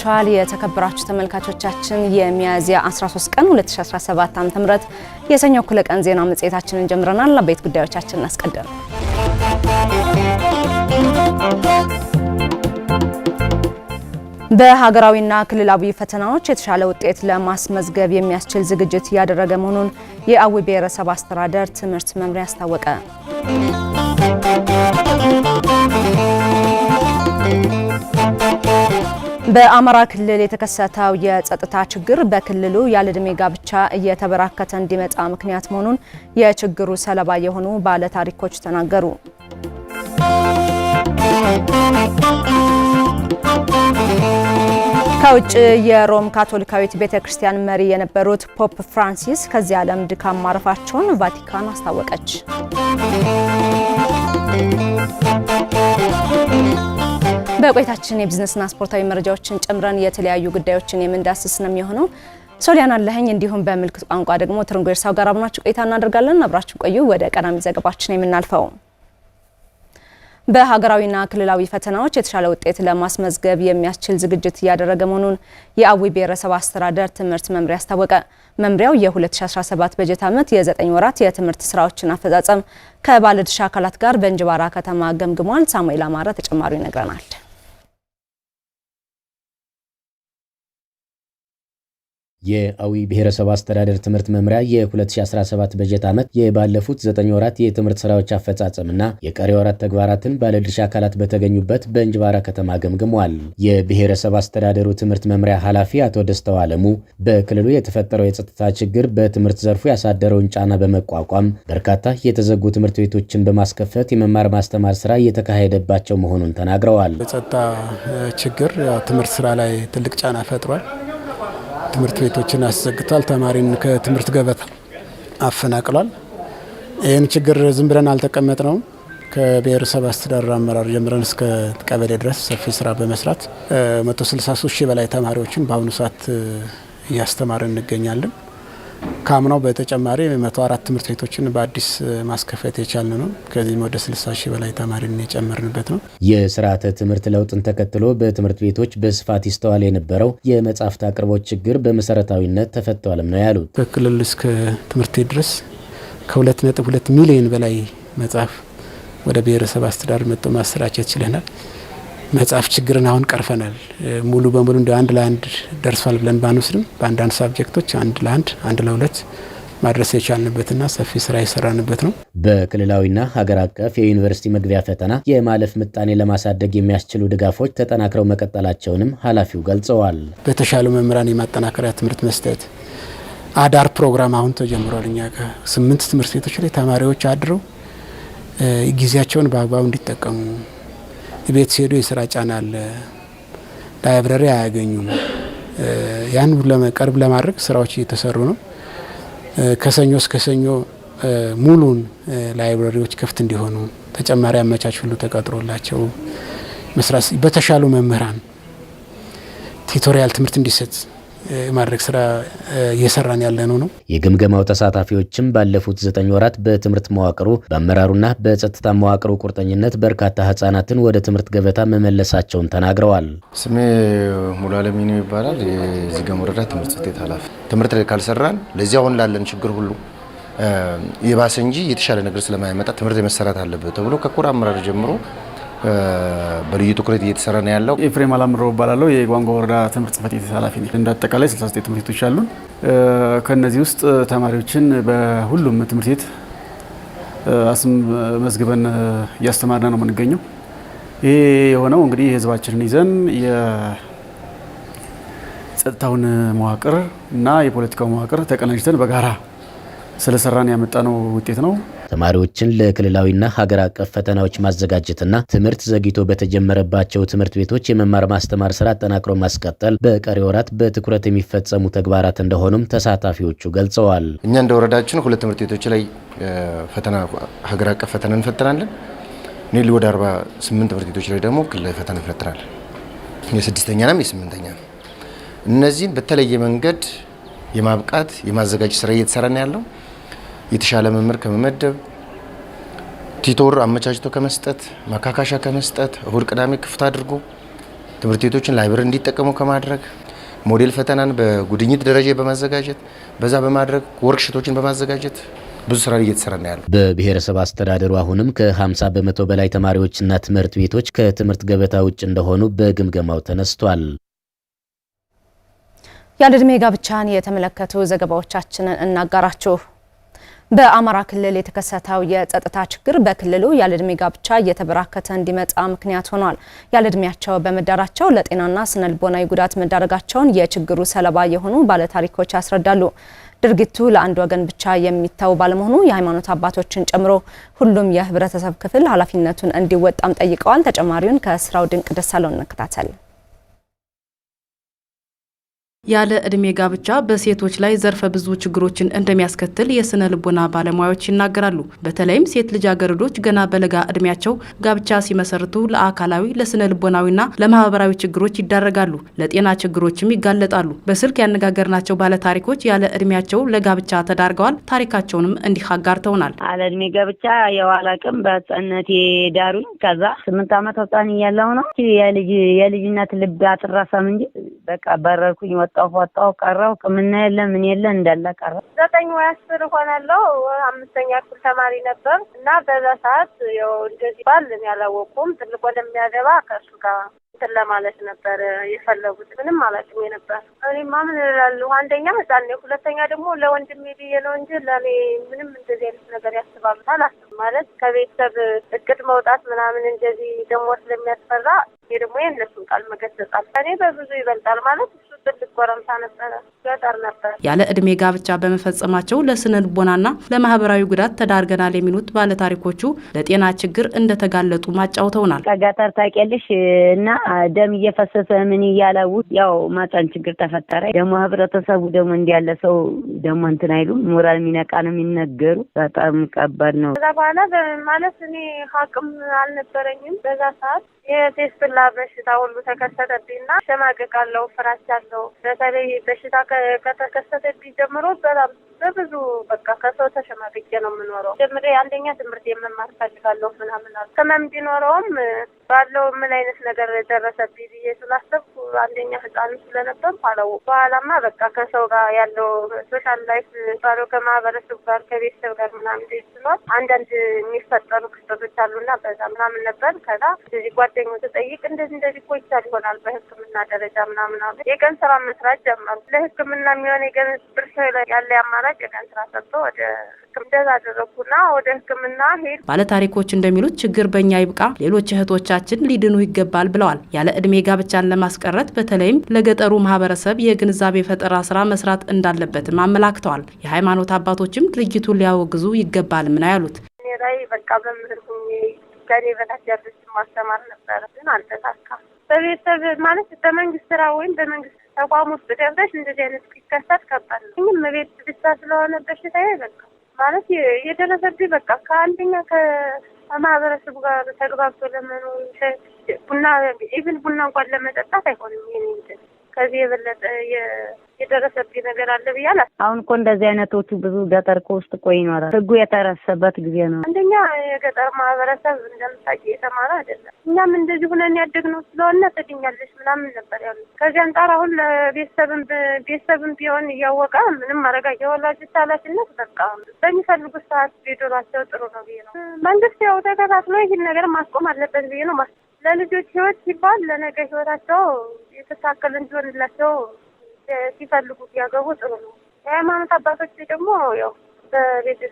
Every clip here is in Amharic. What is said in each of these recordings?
እንደምንውላችኋል የተከበራችሁ ተመልካቾቻችን የሚያዝያ 13 ቀን 2017 ዓ.ም ተምረት የሰኞ እኩለ ቀን ዜና መጽሔታችንን ጀምረናል። አበይት ጉዳዮቻችንን አስቀድም በሀገራዊና ክልላዊ ፈተናዎች የተሻለ ውጤት ለማስመዝገብ የሚያስችል ዝግጅት እያደረገ መሆኑን የአዊ ብሔረሰብ አስተዳደር ትምህርት መምሪያ አስታወቀ። በአማራ ክልል የተከሰተው የጸጥታ ችግር በክልሉ ያለዕድሜ ጋብቻ እየተበራከተ እንዲመጣ ምክንያት መሆኑን የችግሩ ሰለባ የሆኑ ባለታሪኮች ተናገሩ። ከውጭ የሮም ካቶሊካዊት ቤተ ክርስቲያን መሪ የነበሩት ፖፕ ፍራንሲስ ከዚህ ዓለም ድካም ማረፋቸውን ቫቲካን አስታወቀች። በቆይታችን የቢዝነስና ስፖርታዊ መረጃዎችን ጨምረን የተለያዩ ጉዳዮችን የምንዳስስ ነው የሚሆነው። ሶሊያና አለኸኝ እንዲሁም በምልክት ቋንቋ ደግሞ ትርንጎ ኤርሳው ጋር አብናችሁ ቆይታ እናደርጋለን። አብራችሁ ቆዩ። ወደ ቀዳሚ ዘገባችን የምናልፈው በሀገራዊና ክልላዊ ፈተናዎች የተሻለ ውጤት ለማስመዝገብ የሚያስችል ዝግጅት እያደረገ መሆኑን የአዊ ብሔረሰብ አስተዳደር ትምህርት መምሪያ አስታወቀ። መምሪያው የ2017 በጀት ዓመት የ9 ወራት የትምህርት ስራዎችን አፈጻጸም ከባለድርሻ አካላት ጋር በእንጅባራ ከተማ ገምግሟል። ሳሙኤል አማረ ተጨማሪው ይነግረናል። የአዊ ብሔረሰብ አስተዳደር ትምህርት መምሪያ የ2017 በጀት ዓመት የባለፉት ዘጠኝ ወራት የትምህርት ስራዎች አፈጻጸምና የቀሪ ወራት ተግባራትን ባለድርሻ አካላት በተገኙበት በእንጅባራ ከተማ ገምግሟል። የብሔረሰብ አስተዳደሩ ትምህርት መምሪያ ኃላፊ አቶ ደስተው አለሙ በክልሉ የተፈጠረው የጸጥታ ችግር በትምህርት ዘርፉ ያሳደረውን ጫና በመቋቋም በርካታ የተዘጉ ትምህርት ቤቶችን በማስከፈት የመማር ማስተማር ስራ እየተካሄደባቸው መሆኑን ተናግረዋል። የጸጥታ ችግር ትምህርት ስራ ላይ ትልቅ ጫና ፈጥሯል። ትምህርት ቤቶችን አስዘግቷል። ተማሪን ከትምህርት ገበታ አፈናቅሏል። ይህን ችግር ዝም ብለን አልተቀመጥ ነውም ከብሔረሰብ አስተዳደር አመራር ጀምረን እስከ ቀበሌ ድረስ ሰፊ ስራ በመስራት 163 ሺህ በላይ ተማሪዎችን በአሁኑ ሰዓት እያስተማረ እንገኛለን። ከአምናው በተጨማሪ መቶ አራት ትምህርት ቤቶችን በአዲስ ማስከፈት የቻልን ነው። ከዚህም ወደ 60 ሺህ በላይ ተማሪን የጨመርንበት ነው። የስርዓተ ትምህርት ለውጥን ተከትሎ በትምህርት ቤቶች በስፋት ይስተዋል የነበረው የመጽሐፍት አቅርቦት ችግር በመሰረታዊነት ተፈቷልም ነው ያሉት። ከክልል እስከ ትምህርት ቤት ድረስ ከ2.2 ሚሊዮን በላይ መጽሐፍ ወደ ብሔረሰብ አስተዳደር መጥቶ ማሰራጨት ችለናል። መጽሐፍ ችግርን አሁን ቀርፈናል። ሙሉ በሙሉ እንደ አንድ ለአንድ ደርሷል ብለን ባንወስድም በአንዳንድ ሳብጀክቶች አንድ ለአንድ አንድ ለሁለት ማድረስ የቻልንበትና ሰፊ ስራ የሰራንበት ነው። በክልላዊና ሀገር አቀፍ የዩኒቨርሲቲ መግቢያ ፈተና የማለፍ ምጣኔ ለማሳደግ የሚያስችሉ ድጋፎች ተጠናክረው መቀጠላቸውንም ኃላፊው ገልጸዋል። በተሻሉ መምህራን የማጠናከሪያ ትምህርት መስጠት አዳር ፕሮግራም አሁን ተጀምሯል። እኛ ስምንት ትምህርት ቤቶች ላይ ተማሪዎች አድረው ጊዜያቸውን በአግባቡ እንዲጠቀሙ ቤት ሲሄዱ የስራ ጫና አለ፣ ላይብረሪ አያገኙም። ያን ለመቀርብ ለማድረግ ስራዎች እየተሰሩ ነው። ከሰኞ እስከ ሰኞ ሙሉን ላይብረሪዎች ክፍት እንዲሆኑ ተጨማሪ አመቻች ሁሉ ተቀጥሮላቸው መስራት በተሻሉ መምህራን ቲቶሪያል ትምህርት እንዲሰጥ የማድረግ ስራ እየሰራን ያለ ነው ነው። የግምገማው ተሳታፊዎችም ባለፉት ዘጠኝ ወራት በትምህርት መዋቅሩ በአመራሩና በጸጥታ መዋቅሩ ቁርጠኝነት በርካታ ህጻናትን ወደ ትምህርት ገበታ መመለሳቸውን ተናግረዋል። ስሜ ሙሉ ይባላል። የዚገም ወረዳ ትምህርት ጽሕፈት ቤት ኃላፊ። ትምህርት ላይ ካልሰራን ለዚህ አሁን ላለን ችግር ሁሉ የባሰ እንጂ የተሻለ ነገር ስለማያመጣ ትምህርት መሰራት አለበት ተብሎ ከኩር አመራር ጀምሮ በልዩ ትኩረት እየተሰራ ነው ያለው። ኤፍሬም አላምሮ እባላለሁ። የጓንጎ ወረዳ ትምህርት ጽሕፈት ቤት ኃላፊ ነኝ። እንዳጠቃላይ 69 ትምህርት ቤቶች አሉን። ከእነዚህ ውስጥ ተማሪዎችን በሁሉም ትምህርት ቤት አስመዝግበን እያስተማርና ነው የምንገኘው። ይሄ የሆነው እንግዲህ ህዝባችንን ይዘን የጸጥታውን መዋቅር እና የፖለቲካው መዋቅር ተቀናጅተን በጋራ ስለሰራን ያመጣ ነው ውጤት ነው። ተማሪዎችን ለክልላዊና ሀገር አቀፍ ፈተናዎች ማዘጋጀትና ትምህርት ዘግይቶ በተጀመረባቸው ትምህርት ቤቶች የመማር ማስተማር ስራ አጠናክሮ ማስቀጠል በቀሪ ወራት በትኩረት የሚፈጸሙ ተግባራት እንደሆኑም ተሳታፊዎቹ ገልጸዋል። እኛ እንደ ወረዳችን ሁለት ትምህርት ቤቶች ላይ ፈተና ሀገር አቀፍ ፈተና እንፈትናለን። ኔሊ ወደ 48 ትምህርት ቤቶች ላይ ደግሞ ክልላዊ ፈተና እንፈትናለን። የስድስተኛናም የስምንተኛ እነዚህን በተለየ መንገድ የማብቃት የማዘጋጀት ስራ እየተሰራ ነው ያለው። የተሻለ መምህር ከመመደብ ቲቶር አመቻችቶ ከመስጠት ማካካሻ ከመስጠት እሁድ ቅዳሜ ክፍት አድርጎ ትምህርት ቤቶችን ላይብረሪ እንዲጠቀሙ ከማድረግ ሞዴል ፈተናን በጉድኝት ደረጃ በማዘጋጀት በዛ በማድረግ ወርክሽቶችን በማዘጋጀት ብዙ ስራ እየተሰራ ነው ያለው። በብሔረሰብ አስተዳደሩ አሁንም ከ50 በመቶ በላይ ተማሪዎችና ትምህርት ቤቶች ከትምህርት ገበታ ውጭ እንደሆኑ በግምገማው ተነስቷል። ያለ ጋብቻን የተመለከቱ ዘገባዎቻችንን እናጋራችሁ። በአማራ ክልል የተከሰተው የጸጥታ ችግር በክልሉ ያለዕድሜ ጋብቻ እየተበራከተ እንዲመጣ ምክንያት ሆኗል። ያለዕድሜያቸው በመዳራቸው ለጤናና ስነ ልቦናዊ ጉዳት መዳረጋቸውን የችግሩ ሰለባ የሆኑ ባለታሪኮች ያስረዳሉ። ድርጊቱ ለአንድ ወገን ብቻ የሚተው ባለመሆኑ የሃይማኖት አባቶችን ጨምሮ ሁሉም የህብረተሰብ ክፍል ኃላፊነቱን እንዲወጣም ጠይቀዋል። ተጨማሪውን ከስራው ድንቅ ደሳለውን እንከታተል። ያለ እድሜ ጋብቻ በሴቶች ላይ ዘርፈ ብዙ ችግሮችን እንደሚያስከትል የስነ ልቦና ባለሙያዎች ይናገራሉ። በተለይም ሴት ልጃገረዶች ገና በለጋ ዕድሜያቸው ጋብቻ ሲመሰርቱ ለአካላዊ፣ ለስነ ልቦናዊና ለማህበራዊ ችግሮች ይዳረጋሉ። ለጤና ችግሮችም ይጋለጣሉ። በስልክ ያነጋገርናቸው ባለታሪኮች ያለ እድሜያቸው ለጋብቻ ተዳርገዋል። ታሪካቸውንም እንዲህ አጋርተውናል። አለ ዕድሜ ጋብቻ የዋላ ቅም በህጻንነቴ ዳሩኝ። ከዛ ስምንት ዓመት ህጻን እያለሁ ነው የልጅነት ልብ አትረሳም እንጂ በቃ በረርኩኝ ወጣሁ ወጣሁ ቀረሁ። ሕክምና የለ ምን የለ እንዳለ ቀረ። ዘጠኝ ወይ አስር ሆናለሁ። አምስተኛ ክፍል ተማሪ ነበር እና በዛ ሰዓት ያው እንደዚህ ባል ያላወቁም ትልቅ ወደሚያገባ ከእሱ ጋር እንትን ለማለት ነበር የፈለጉት። ምንም አላውቅም ነበር። እኔማ ምን እላለሁ፣ አንደኛ ህጻን ሁለተኛ ደግሞ ለወንድሜ ብዬ ነው እንጂ ለእኔ ምንም እንደዚህ አይነት ነገር ያስባሉታል አስብ ማለት ከቤተሰብ እቅድ መውጣት ምናምን እንደዚህ ደግሞ ስለሚያስፈራ ደግሞ የእነሱን ቃል መገሰጻል እኔ በብዙ ይበልጣል ማለት እሱ ትልቅ ጎረምሳ ነበረ፣ ገጠር ነበር። ያለ እድሜ ጋብቻ በመፈጸማቸው ለስነ ልቦናና ለማህበራዊ ጉዳት ተዳርገናል የሚሉት ባለታሪኮቹ ለጤና ችግር እንደተጋለጡ ማጫውተውናል። ከገጠር ታውቂያለሽ እና ደም እየፈሰሰ ምን እያለ ያው ማጫን ችግር ተፈጠረ። ደግሞ ህብረተሰቡ ደግሞ እንዲያለ ሰው ደግሞ እንትን አይሉም። ሞራል የሚነቃ ነው የሚነገሩ። በጣም ከባድ ነው። ከዛ በኋላ ማለት እኔ ሀቅም አልነበረኝም በዛ ሰዓት የቴስፕላ በሽታ ሁሉ ተከሰተብኝና ሸማቀቃለሁ፣ ፍራቻለሁ። በተለይ በሽታ ከተከሰተብኝ ጀምሮ በጣም በብዙ በቃ ከሰው ተሸማቅቄ ነው የምኖረው። ጀምሬ አንደኛ ትምህርት የመማር ፈልጋለሁ ምናምን ህመም ቢኖረውም ባለው ምን አይነት ነገር ደረሰብኝ ብዬ ስላሰብኩ አንደኛ ህፃን ስለነበር አላወ በኋላማ በቃ ከሰው ጋር ያለው ሶሻል ላይፍ ባለው ከማህበረሰብ ጋር ከቤተሰብ ጋር ምናምን ስሏል አንዳንድ የሚፈጠሩ ክስተቶች አሉና በዛ ምናምን ነበር። ከዛ እዚህ ጓደኞ ተጠይቅ እንደዚህ እንደዚህ እኮ ይቻል ይሆናል በህክምና ደረጃ ምናምን አሉ። የቀን ስራ መስራት ጀመሩ። ለህክምና የሚሆን የቀን ብርሰ ያለ አማራጭ የቀን ስራ ሰጥቶ ወደ ህክምደዛ አደረግኩና ወደ ህክምና ሄድ። ባለታሪኮች እንደሚሉት ችግር በእኛ ይብቃ ሌሎች እህቶቻ ልጆቻችን ሊድኑ ይገባል ብለዋል። ያለ ዕድሜ ጋብቻን ለማስቀረት በተለይም ለገጠሩ ማህበረሰብ የግንዛቤ ፈጠራ ስራ መስራት እንዳለበትም አመላክተዋል። የሃይማኖት አባቶችም ድርጊቱን ሊያወግዙ ይገባል ነው ያሉት። እኔ ላይ በቃ በምድርጉኝ ከኔ በታች ያሉትን ማስተማር ነበረ፣ ግን አልተሳካም። በቤተሰብ ማለት በመንግስት ስራ ወይም በመንግስት ተቋም ውስጥ ገብተሽ እንደዚህ አይነት ይከሰት ከባድ ነው። ግን ቤት ብቻ ስለሆነ በሽታ በቃ ማለት የደረሰብኝ በቃ ከአንደኛ ከማህበረሰቡ ጋር ተግባብቶ ለመኖር ቡና ኢቭን ቡና እንኳን ለመጠጣት አይሆንም። ይህን ከዚህ የበለጠ የደረሰብኝ ነገር አለ ብያለሁ። አሁን እኮ እንደዚህ አይነቶቹ ብዙ ገጠር እኮ ውስጥ እኮ ይኖራል። ህጉ የተረሰበት ጊዜ ነው። አንደኛ የገጠር ማህበረሰብ እንደምታውቂ የተማረ አይደለም። እኛም እንደዚህ ሁነን ያደግነው ስለሆነ ትድኛለች ምናምን ነበር ያሉ። ከዚህ አንጻር አሁን ለቤተሰብም ቤተሰብም ቢሆን እያወቀ ምንም አረጋ የወላጆች ኃላፊነት በቃ በሚፈልጉት ሰዓት ቢድሯቸው ጥሩ ነው ብዬ ነው። መንግስት ያው ተከታትሎ ይህን ነገር ማስቆም አለበት ብዬ ነው ማስ ለልጆች ህይወት ሲባል ለነገ ህይወታቸው የተሳከለ እንዲሆንላቸው ሲፈልጉ ቢያገቡ ጥሩ ነው። የሃይማኖት አባቶች ደግሞ ያው በቤተ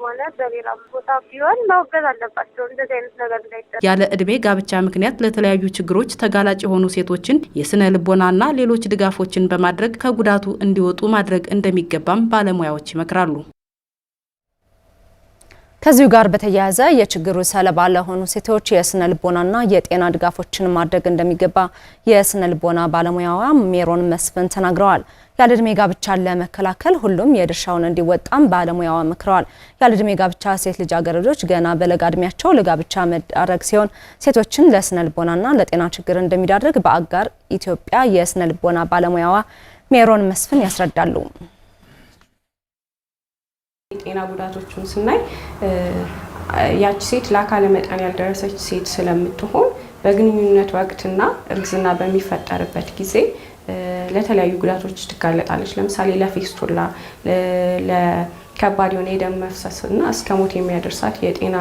ሆነ በሌላ ቦታ ቢሆን መወገዝ አለባቸው። እንደዚህ አይነት ነገር እንዳይጠ ያለ እድሜ ጋብቻ ምክንያት ለተለያዩ ችግሮች ተጋላጭ የሆኑ ሴቶችን የስነ ልቦናና ሌሎች ድጋፎችን በማድረግ ከጉዳቱ እንዲወጡ ማድረግ እንደሚገባም ባለሙያዎች ይመክራሉ። ከዚሁ ጋር በተያያዘ የችግሩ ሰለባ ለሆኑ ሴቶች የስነ ልቦናና የጤና ድጋፎችን ማድረግ እንደሚገባ የስነ ልቦና ባለሙያዋ ሜሮን መስፍን ተናግረዋል። ያለዕድሜ ጋብቻን ለመከላከል ሁሉም የድርሻውን እንዲወጣም ባለሙያዋ መክረዋል። ያለዕድሜ ጋብቻ ሴት ልጃገረዶች ገና በለጋ ዕድሜያቸው ለጋብቻ መዳረግ ሲሆን ሴቶችን ለስነ ልቦናና ለጤና ችግር እንደሚዳርግ በአጋር ኢትዮጵያ የስነ ልቦና ባለሙያዋ ሜሮን መስፍን ያስረዳሉ። የጤና ጉዳቶችን ስናይ ያቺ ሴት ለአካለ መጠን ያልደረሰች ሴት ስለምትሆን በግንኙነት ወቅትና እርግዝና በሚፈጠርበት ጊዜ ለተለያዩ ጉዳቶች ትጋለጣለች። ለምሳሌ ለፌስቶላ፣ ለከባድ የሆነ የደም መፍሰስ እና እስከ ሞት የሚያደርሳት የጤና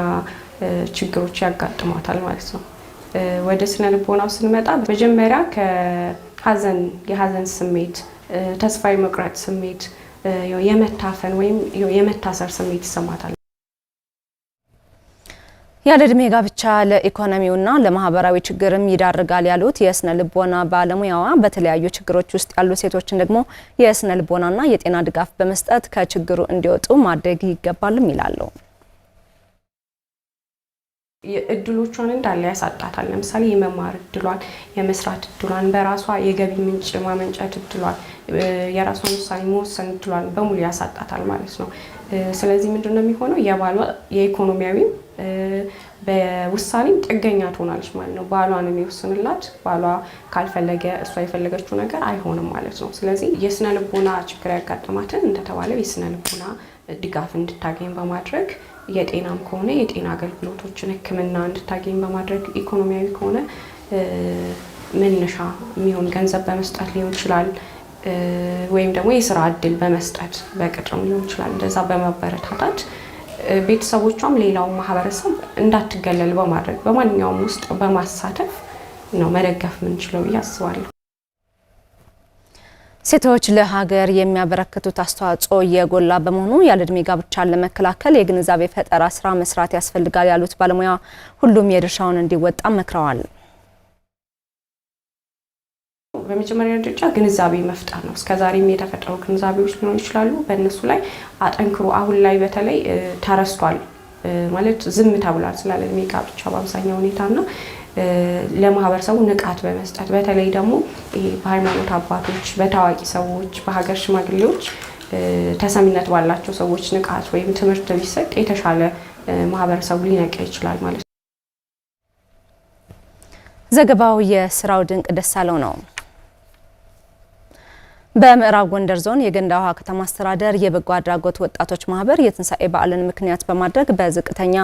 ችግሮች ያጋጥሟታል ማለት ነው። ወደ ስነ ልቦናው ስንመጣ መጀመሪያ ከሀዘን የሀዘን ስሜት፣ ተስፋ የመቁረጥ ስሜት የመታፈን ወይም የመታሰር ስሜት ይሰማታል። ያለ ዕድሜ ጋብቻ ለኢኮኖሚውና ለማህበራዊ ችግርም ይዳርጋል ያሉት የስነ ልቦና ባለሙያዋ በተለያዩ ችግሮች ውስጥ ያሉ ሴቶችን ደግሞ የስነ ልቦናና የጤና ድጋፍ በመስጠት ከችግሩ እንዲወጡ ማድረግ ይገባልም ይላሉ። እድሎቿን እንዳለ ያሳጣታል። ለምሳሌ የመማር እድሏን፣ የመስራት እድሏን፣ በራሷ የገቢ ምንጭ ማመንጨት እድሏን፣ የራሷን ውሳኔ መወሰን እድሏን በሙሉ ያሳጣታል ማለት ነው። ስለዚህ ምንድን ነው የሚሆነው? የባሏ የኢኮኖሚያዊም በውሳኔም ጥገኛ ትሆናለች ማለት ነው። ባሏን ነው የሚወስንላት። ባሏ ካልፈለገ እሷ የፈለገችው ነገር አይሆንም ማለት ነው። ስለዚህ የስነ ልቦና ችግር ያጋጠማትን እንደተባለው የስነ ልቦና ድጋፍ እንድታገኝ በማድረግ የጤናም ከሆነ የጤና አገልግሎቶችን ሕክምና እንድታገኝ በማድረግ ኢኮኖሚያዊ ከሆነ መነሻ የሚሆን ገንዘብ በመስጠት ሊሆን ይችላል። ወይም ደግሞ የስራ እድል በመስጠት በቅጥርም ሊሆን ይችላል። እንደዛ በመበረታታት ቤተሰቦቿም ሌላውን ማህበረሰብ እንዳትገለል በማድረግ በማንኛውም ውስጥ በማሳተፍ ነው መደገፍ የምንችለው ብዬ አስባለሁ። ሴቶች ለሀገር የሚያበረክቱት አስተዋጽኦ የጎላ በመሆኑ ያለዕድሜ ጋብቻን ለመከላከል የግንዛቤ ፈጠራ ስራ መስራት ያስፈልጋል ያሉት ባለሙያ ሁሉም የድርሻውን እንዲወጣ መክረዋል። በመጀመሪያ ደረጃ ግንዛቤ መፍጠር ነው። እስከዛሬም የተፈጠሩ ግንዛቤዎች ሊሆኑ ይችላሉ። በእነሱ ላይ አጠንክሮ አሁን ላይ በተለይ ተረስቷል ማለት ዝም ተብሏል ስላለ ጋብቻ በአብዛኛው ሁኔታ ና ለማህበረሰቡ ንቃት በመስጠት በተለይ ደግሞ በሃይማኖት አባቶች፣ በታዋቂ ሰዎች፣ በሀገር ሽማግሌዎች ተሰሚነት ባላቸው ሰዎች ንቃት ወይም ትምህርት ቢሰጥ የተሻለ ማህበረሰቡ ሊነቃ ይችላል ማለት ነው። ዘገባው የስራው ድንቅ ደሳለው ነው። በምዕራብ ጎንደር ዞን የገንዳ ውሃ ከተማ አስተዳደር የበጎ አድራጎት ወጣቶች ማህበር የትንሣኤ በዓልን ምክንያት በማድረግ በዝቅተኛ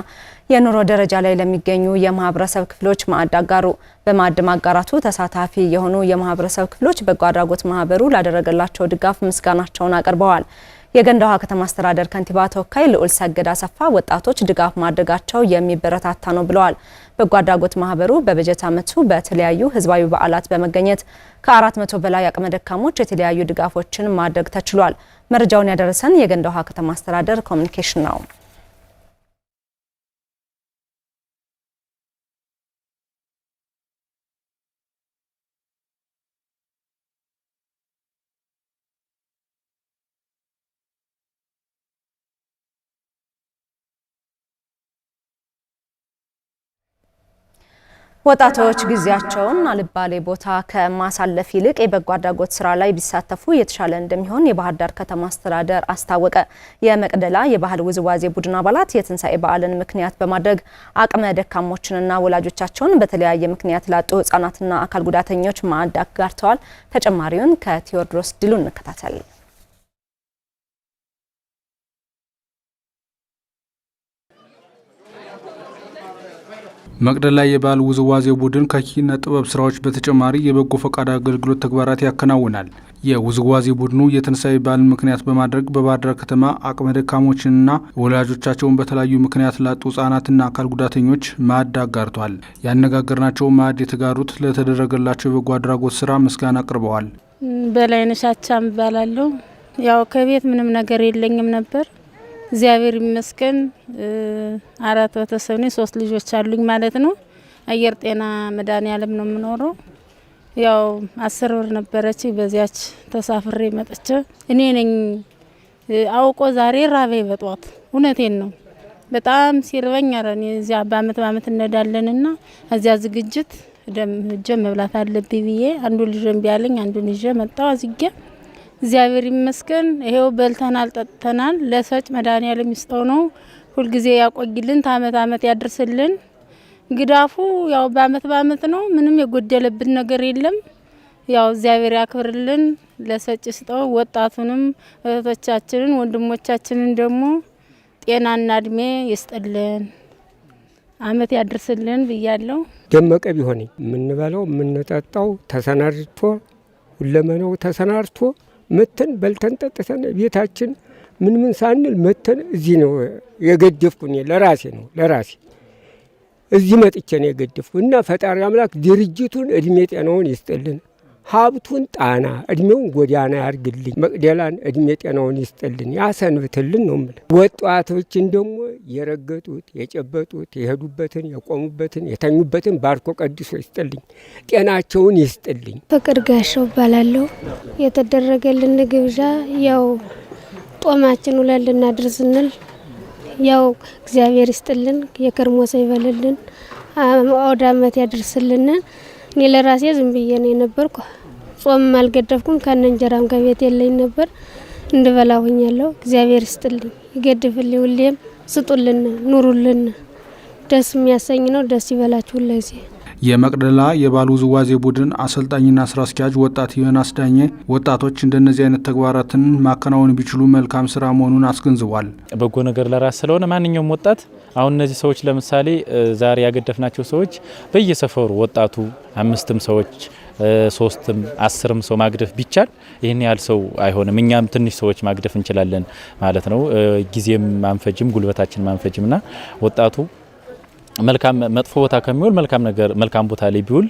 የኑሮ ደረጃ ላይ ለሚገኙ የማህበረሰብ ክፍሎች ማዕድ አጋሩ። በማዕድ ማጋራቱ ተሳታፊ የሆኑ የማህበረሰብ ክፍሎች በጎ አድራጎት ማህበሩ ላደረገላቸው ድጋፍ ምስጋናቸውን አቅርበዋል። የገንዳ ውሃ ከተማ አስተዳደር ከንቲባ ተወካይ ልዑል ሰገድ አሰፋ ወጣቶች ድጋፍ ማድረጋቸው የሚበረታታ ነው ብለዋል። በጎ አድራጎት ማህበሩ በበጀት ዓመቱ በተለያዩ ህዝባዊ በዓላት በመገኘት ከ400 በላይ አቅመ ደካሞች የተለያዩ ድጋፎችን ማድረግ ተችሏል። መረጃውን ያደረሰን የገንዳ ውሃ ከተማ አስተዳደር ኮሚኒኬሽን ነው። ወጣቶች ጊዜያቸውን አልባሌ ቦታ ከማሳለፍ ይልቅ የበጎ አድራጎት ስራ ላይ ቢሳተፉ የተሻለ እንደሚሆን የባህር ዳር ከተማ አስተዳደር አስታወቀ። የመቅደላ የባህል ውዝዋዜ ቡድን አባላት የትንሣኤ በዓልን ምክንያት በማድረግ አቅመ ደካሞችንና ወላጆቻቸውን በተለያየ ምክንያት ላጡ ህጻናትና አካል ጉዳተኞች ማዕድ አጋርተዋል። ተጨማሪውን ከቴዎድሮስ ድሉ እንከታተል። መቅደላ ላይ የባህል ውዝዋዜ ቡድን ከኪነ ጥበብ ስራዎች በተጨማሪ የበጎ ፈቃድ አገልግሎት ተግባራት ያከናውናል። የውዝዋዜ ቡድኑ የትንሳኤ በዓልን ምክንያት በማድረግ በባህር ዳር ከተማ አቅመ ደካሞችንና ወላጆቻቸውን በተለያዩ ምክንያት ላጡ ህጻናትና አካል ጉዳተኞች ማዕድ አጋርቷል። ያነጋገርናቸው ማዕድ የተጋሩት ለተደረገላቸው የበጎ አድራጎት ስራ ምስጋና አቅርበዋል። በላይነሻቻ አቻም ያው ከቤት ምንም ነገር የለኝም ነበር እግዚአብሔር ይመስገን አራት ቤተሰብ ነኝ። ሶስት ልጆች አሉኝ ማለት ነው። አየር ጤና መድኃኔዓለም ነው የምኖረው። ያው አስር ወር ነበረች። በዚያች ተሳፍሬ መጥቼ እኔ ነኝ አውቆ ዛሬ ራበኝ በጧት። እውነቴን ነው በጣም ሲርበኝ፣ ኧረ እኔ እዚያ በአመት በአመት እንሄዳለንና እዚያ ዝግጅት ደም ሂጄ መብላት አለብኝ ብዬ አንዱ ልጅ እምቢ አለኝ። አንዱን ይዤ መጣሁ አዝጌ እግዚአብሔር ይመስገን። ይሄው በልተናል፣ ጠጥተናል። ለሰጭ መድኃኒዓለም ይስጠው ነው። ሁልጊዜ ያቆይልን፣ ታመት አመት ያድርስልን። ግዳፉ ያው በአመት በአመት ነው። ምንም የጎደለብን ነገር የለም። ያው እግዚአብሔር ያክብርልን፣ ለሰጭ ስጠው ወጣቱንም እህቶቻችንን ወንድሞቻችንን ደግሞ ጤናና እድሜ ይስጥልን፣ አመት ያድርስልን ብያለሁ። ደመቀ ቢሆን የምንበለው የምንጠጣው ተሰናድቶ ሁለመናው ተሰናድቶ መተን በልተን ጠጥተን ቤታችን ምን ምን ሳንል መተን እዚህ ነው የገደፍኩኝ። ለራሴ ነው ለራሴ እዚህ መጥቼ ነው የገደፍኩ እና ፈጣሪ አምላክ ድርጅቱን እድሜ ጤናውን ይስጥልን። ሀብቱን ጣና እድሜውን ጎዳና ያርግልኝ። መቅደላን እድሜ ጤናውን ይስጥልን ያሰንብትልን ነው ምለ ወጣቶችን ደግሞ የረገጡት የጨበጡት የሄዱበትን የቆሙበትን የተኙበትን ባርኮ ቀድሶ ይስጥልኝ፣ ጤናቸውን ይስጥልኝ። ፍቅር ጋሻው እባላለሁ። የተደረገልን ግብዣ ያው ጦማችን ውለን ልናድር ስንል ያው እግዚአብሔር ይስጥልን፣ የከርሞሰ ይበልልን፣ አውደ ዓመት ያደርስልን። እኔ ለራሴ ዝም ብዬ ነው የነበርኩ። ጾምም አልገደፍኩም። ከነ እንጀራም ከቤት የለኝ ነበር እንድበላ ሆኛለሁ። እግዚአብሔር ይስጥልኝ፣ ይገድፍልኝ። ሁሌም ስጡልን፣ ኑሩልን። ደስ የሚያሰኝ ነው። ደስ ይበላችሁ ሁልጊዜ። የመቅደላ የባሉ ውዝዋዜ ቡድን አሰልጣኝና ስራ አስኪያጅ ወጣት ይሆን አስዳኘ ወጣቶች እንደነዚህ አይነት ተግባራትን ማከናወን ቢችሉ መልካም ስራ መሆኑን አስገንዝቧል። በጎ ነገር ለራስ ስለሆነ ማንኛውም ወጣት አሁን እነዚህ ሰዎች ለምሳሌ ዛሬ ያገደፍናቸው ሰዎች በየሰፈሩ ወጣቱ አምስትም ሰዎች ሶስትም አስርም ሰው ማግደፍ ቢቻል ይህን ያህል ሰው አይሆንም። እኛም ትንሽ ሰዎች ማግደፍ እንችላለን ማለት ነው። ጊዜም ማንፈጅም ጉልበታችን ማንፈጅም እና ወጣቱ መልካም መጥፎ ቦታ ከሚውል መልካም ነገር መልካም ቦታ ላይ ቢውል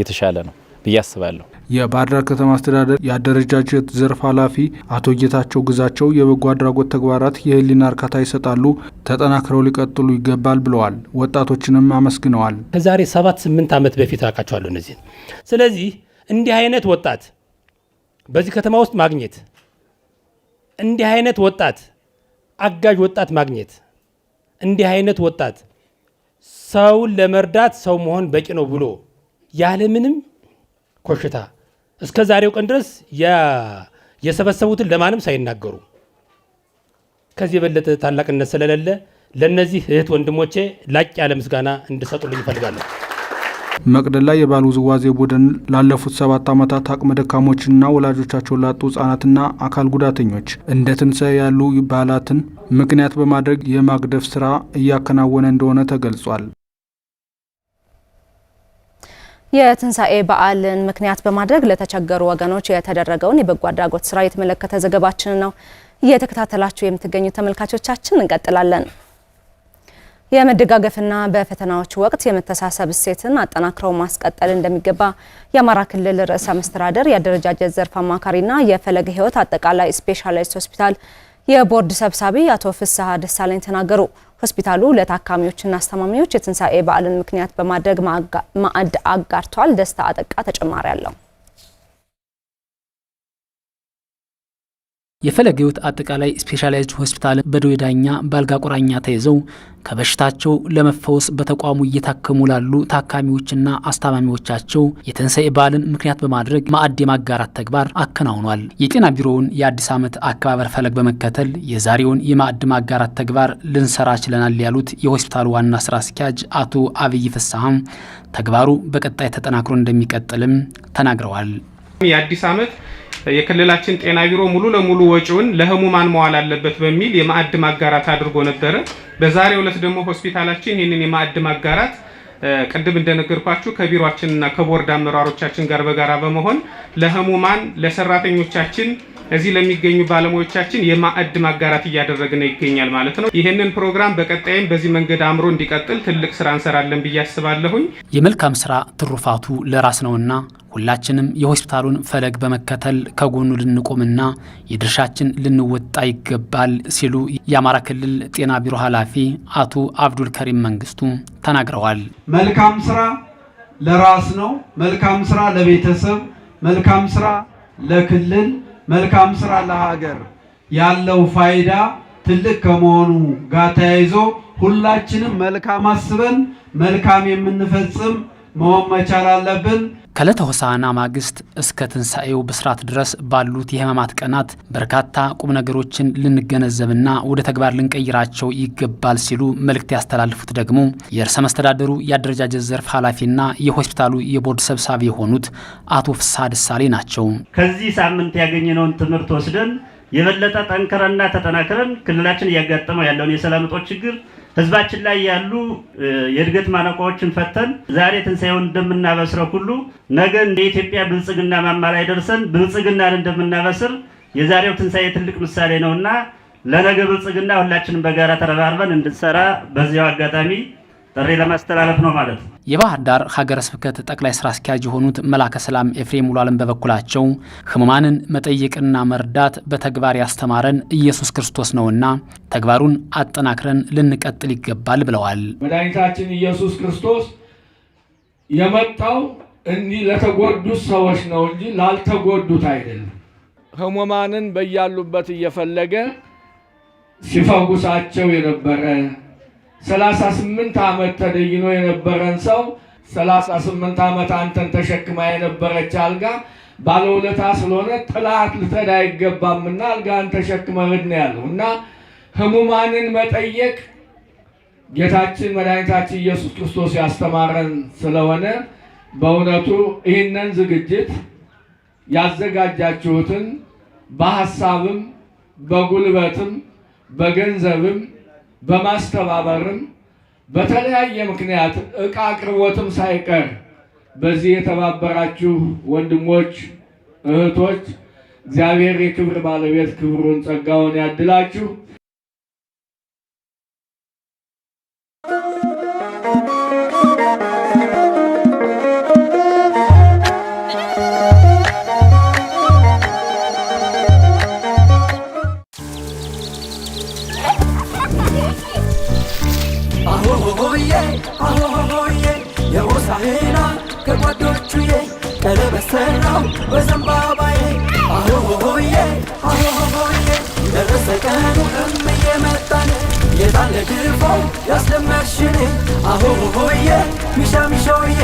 የተሻለ ነው። ብዬ አስባለሁ። የባህር ዳር ከተማ አስተዳደር የአደረጃጀት ዘርፍ ኃላፊ አቶ ጌታቸው ግዛቸው የበጎ አድራጎት ተግባራት የህሊና እርካታ ይሰጣሉ፣ ተጠናክረው ሊቀጥሉ ይገባል ብለዋል። ወጣቶችንም አመስግነዋል። ከዛሬ ሰባት ስምንት ዓመት በፊት አውቃቸዋለሁ እነዚህ። ስለዚህ እንዲህ አይነት ወጣት በዚህ ከተማ ውስጥ ማግኘት እንዲህ አይነት ወጣት አጋዥ ወጣት ማግኘት እንዲህ አይነት ወጣት ሰውን ለመርዳት ሰው መሆን በቂ ነው ብሎ ያለምንም ኮሽታ እስከ ዛሬው ቀን ድረስ የሰበሰቡትን ለማንም ሳይናገሩ ከዚህ የበለጠ ታላቅነት ስለሌለ ለእነዚህ እህት ወንድሞቼ ላቅ ያለ ምስጋና እንድሰጡልኝ ይፈልጋለሁ። መቅደላ ላይ የባህል ውዝዋዜ ቡድን ላለፉት ሰባት ዓመታት አቅመ ደካሞችና ወላጆቻቸውን ላጡ ህጻናትና አካል ጉዳተኞች እንደ ትንሣኤ ያሉ በዓላትን ምክንያት በማድረግ የማግደፍ ስራ እያከናወነ እንደሆነ ተገልጿል። የትንሣኤ በዓልን ምክንያት በማድረግ ለተቸገሩ ወገኖች የተደረገውን የበጎ አድራጎት ስራ የተመለከተ ዘገባችን ነው እየተከታተላችሁ የምትገኙ ተመልካቾቻችን። እንቀጥላለን። የመደጋገፍና በፈተናዎች ወቅት የመተሳሰብ እሴትን አጠናክረው ማስቀጠል እንደሚገባ የአማራ ክልል ርዕሰ መስተዳደር የአደረጃጀት ዘርፍ አማካሪና የፈለገ ሕይወት አጠቃላይ ስፔሻላይዝድ ሆስፒታል የቦርድ ሰብሳቢ አቶ ፍስሐ ደሳለኝ ተናገሩ። ሆስፒታሉ ለታካሚዎችና አስተማሚዎች የትንሣኤ በዓልን ምክንያት በማድረግ ማዕድ አጋርቷል። ደስታ አጠቃ ተጨማሪ አለው። የፈለገ ሕይወት አጠቃላይ ስፔሻላይዝድ ሆስፒታል በደዌ ዳኛ በአልጋ ቁራኛ ተይዘው ከበሽታቸው ለመፈወስ በተቋሙ እየታከሙ ላሉ ታካሚዎችና አስታማሚዎቻቸው የትንሣኤ በዓልን ምክንያት በማድረግ ማዕድ የማጋራት ተግባር አከናውኗል። የጤና ቢሮውን የአዲስ ዓመት አከባበር ፈለግ በመከተል የዛሬውን የማዕድ ማጋራት ተግባር ልንሰራ ችለናል ያሉት የሆስፒታሉ ዋና ስራ አስኪያጅ አቶ አብይ ፍስሐም ተግባሩ በቀጣይ ተጠናክሮ እንደሚቀጥልም ተናግረዋል። የአዲስ ዓመት የክልላችን ጤና ቢሮ ሙሉ ለሙሉ ወጪውን ለህሙማን መዋል አለበት በሚል የማዕድ ማጋራት አድርጎ ነበረ። በዛሬው ዕለት ደግሞ ሆስፒታላችን ይህንን የማዕድ ማጋራት ቅድም እንደነገርኳችሁ ከቢሮችንና ከቦርድ አመራሮቻችን ጋር በጋራ በመሆን ለህሙማን ለሰራተኞቻችን እዚህ ለሚገኙ ባለሙያዎቻችን የማዕድ ማጋራት እያደረግን ይገኛል ማለት ነው። ይህንን ፕሮግራም በቀጣይም በዚህ መንገድ አእምሮ እንዲቀጥል ትልቅ ስራ እንሰራለን ብዬ አስባለሁኝ። የመልካም ስራ ትሩፋቱ ለራስ ነውና ሁላችንም የሆስፒታሉን ፈለግ በመከተል ከጎኑ ልንቆምና የድርሻችን ልንወጣ ይገባል ሲሉ የአማራ ክልል ጤና ቢሮ ኃላፊ አቶ አብዱል ከሪም መንግስቱ ተናግረዋል። መልካም ስራ ለራስ ነው። መልካም ስራ ለቤተሰብ፣ መልካም ስራ ለክልል መልካም ስራ ለሀገር ያለው ፋይዳ ትልቅ ከመሆኑ ጋር ተያይዞ ሁላችንም መልካም አስበን መልካም የምንፈጽም መሆን መቻል አለብን። ከዕለተ ሆሳዕና ማግስት እስከ ትንሣኤው ብስራት ድረስ ባሉት የሕማማት ቀናት በርካታ ቁም ነገሮችን ልንገነዘብና ወደ ተግባር ልንቀይራቸው ይገባል ሲሉ መልእክት ያስተላልፉት ደግሞ የእርሰ መስተዳደሩ የአደረጃጀት ዘርፍ ኃላፊና የሆስፒታሉ የቦርድ ሰብሳቢ የሆኑት አቶ ፍስሐ ደሳሌ ናቸው። ከዚህ ሳምንት ያገኘነውን ትምህርት ወስደን የበለጠ ጠንከረና ተጠናክረን ክልላችን እያጋጠመው ያለውን የሰላም እጦት ችግር ህዝባችን ላይ ያሉ የእድገት ማነቆዎችን ፈተን ዛሬ ትንሣኤውን እንደምናበስረው ሁሉ ነገ እንደ ኢትዮጵያ ብልጽግና ማማ ላይ ደርሰን ብልጽግናን እንደምናበስር የዛሬው ትንሣኤ ትልቅ ምሳሌ ነውና ለነገ ብልጽግና ሁላችንም በጋራ ተረባርበን እንድንሰራ በዚያው አጋጣሚ ጥሪ ለማስተላለፍ ነው ማለት ነው። የባህር ዳር ሀገረ ስብከት ጠቅላይ ስራ አስኪያጅ የሆኑት መላከ ሰላም ኤፍሬም ሙሉ በበኩላቸው ህሙማንን መጠየቅና መርዳት በተግባር ያስተማረን ኢየሱስ ክርስቶስ ነውና ተግባሩን አጠናክረን ልንቀጥል ይገባል ብለዋል። መድኃኒታችን ኢየሱስ ክርስቶስ የመጣው እኒህ ለተጎዱት ሰዎች ነው እንጂ ላልተጎዱት አይደለም። ህሙማንን በያሉበት እየፈለገ ሲፈውሳቸው የነበረ ሰላሳ ስምንት ዓመት ተደይኖ የነበረን ሰው ሰላሳ ስምንት ዓመት አንተን ተሸክማ የነበረች አልጋ ባለውለታ ስለሆነ ጥላት ልተዳ አይገባምና አልጋን ተሸክመ ሂድ ነው ያለው እና ህሙማንን መጠየቅ ጌታችን መድኃኒታችን ኢየሱስ ክርስቶስ ያስተማረን ስለሆነ በእውነቱ ይህንን ዝግጅት ያዘጋጃችሁትን በሀሳብም በጉልበትም በገንዘብም በማስተባበርም በተለያየ ምክንያት እቃ አቅርቦትም ሳይቀር በዚህ የተባበራችሁ ወንድሞች እህቶች፣ እግዚአብሔር የክብር ባለቤት ክብሩን ጸጋውን ያድላችሁ። የተፈናው በዘንባባዬ አሆሆሆዬ አሆሆሆዬ ደረሰ ቀኑ እምዬ መጣን የታለ ድፋው ያስደመርሽኔ አሆሆሆዬ ሚሻ ሚሻውዬ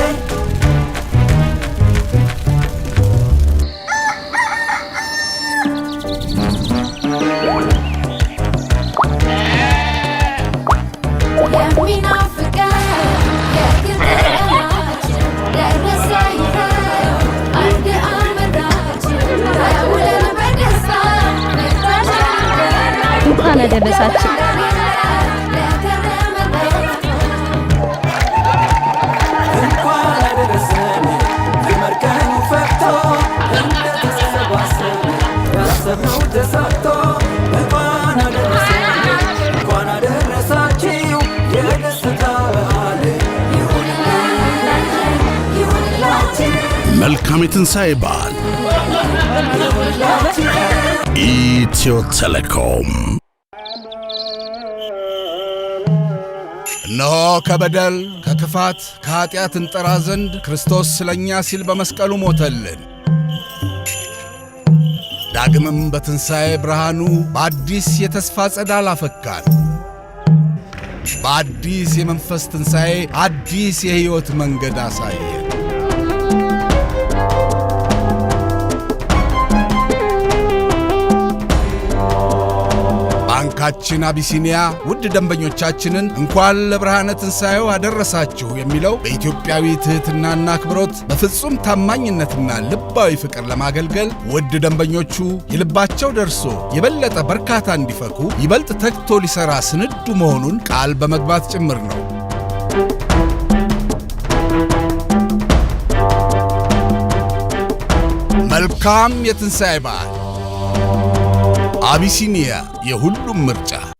እንኳን አደረሳችሁ። መልካም የትንሣኤ በዓል ኢትዮ ቴሌኮም እነሆ ከበደል ከክፋት ከኀጢአት እንጠራ ዘንድ ክርስቶስ ስለ እኛ ሲል በመስቀሉ ሞተልን። ዳግምም በትንሣኤ ብርሃኑ በአዲስ የተስፋ ጸዳል አፈካን። በአዲስ የመንፈስ ትንሣኤ አዲስ የሕይወት መንገድ አሳየ። ባንካችን አቢሲኒያ ውድ ደንበኞቻችንን እንኳን ለብርሃነ ትንሣኤው አደረሳችሁ የሚለው በኢትዮጵያዊ ትሕትናና አክብሮት በፍጹም ታማኝነትና ልባዊ ፍቅር ለማገልገል ውድ ደንበኞቹ የልባቸው ደርሶ የበለጠ በርካታ እንዲፈኩ ይበልጥ ተግቶ ሊሠራ ስንዱ መሆኑን ቃል በመግባት ጭምር ነው። መልካም የትንሣኤ በዓል አቢሲኒያ የሁሉም ምርጫ